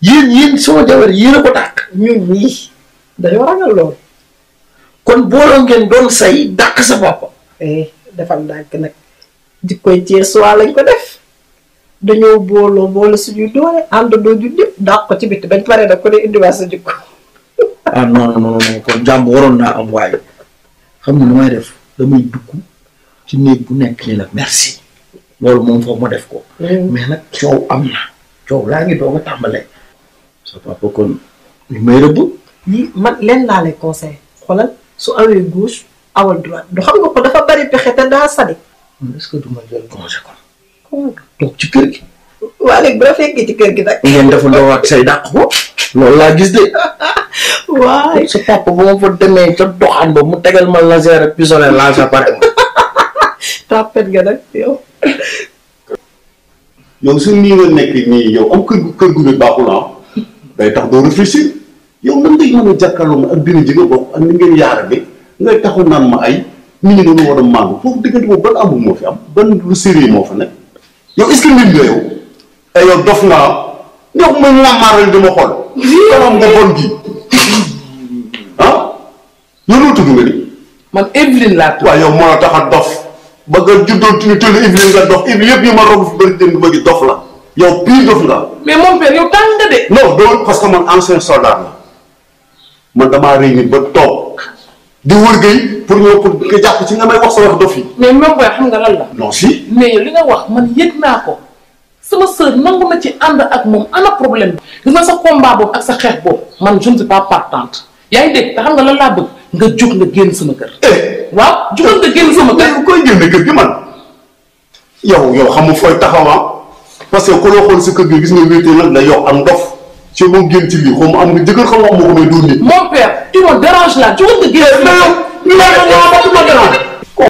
yéen yéen sama jabar yéen a ko dàq. ñun ñii dañoo ragal lool. kon booloo ngeen doon say dàq sa bopp. eh defal ndànk nag jikkoy Cees waa lañ ko def dañoo booloo boole suñuy doole àndandoo dàq ko ci bitti bañ pare nag ku ne indiwaat sa jikko. ah non non waroon naa am xam nga lu may def damay dugg ci néeg bu nekk ni la merci loolu moom foog ma def ko. Mm. mais nag am na coow laa ngi doog a tàmbalee. ça va pas kon may rëbb yi man leen laa lay conseil xoolal su awee gauche awal droite do xam nga ko dafa bari pexe te daa sadi hmm, est ce que du ma jël congé kon toog ci kër gi waa léegi bu la fekkee ci kër gi nag ngeen deful doo ak say dàq ko loolu laa gis de waay sa papa bu ma fa demee ca doxaan ba mu tegal ma laser ak pistolet laa sa pare ma tapet nga nag yow yow su nii nga nekk nii yow am kër day tax doo réfléchir yow lan ngay mën a jàkkaarloo ak dina ji nga bokk ak ni ngeen yaarale ngay taxu naan ma ay nit ñi dañu war a màngu foofu diggante boobu ban amul moo fi am ban lu sérieux moo fa nekk yow est-ce que nit eh dof naa ah. xool. kanam nga bon gi ah yow loolu tudd nga ni. man Evelyne laa tudd. yow moo la tax a dof ba nga juddoo tuuti teel a Evelyne nga dof Evelyne yëpp yi ma rogu fi bëri dem bëgg dof la. yow pire dof nga. mais mon père yow tàng nga de. non doon parce que man ancien soldat la man damaa rëy nit ba toog di wër gay pour ñëw pour nga jàpp ci nga may wax sa wax dof yi. mais même booy nga lan la. non si. yow li nga wax man yëg naa ko sama sœur nangu na ci ànd ak moom ana problème bi. gis nga sa combat boobu ak sa xeex boobu man je ne suis pas partante yaa ngi dégg te xam nga lan laa bëgg nga jóg nga génn sama kër. Eh. waaw jógal nga génn sama kër. koy génn kër gi man yow yow xamul fooy taxawaa. Ah? parce que ku la xool sa kër gi gis nga wéetee la yow am ndof ci moom génn ci lii xaw ma am nga jëkkër xaw ma moo ko may dóor nit. mon père tu me déranges là tu veux te guérir. mais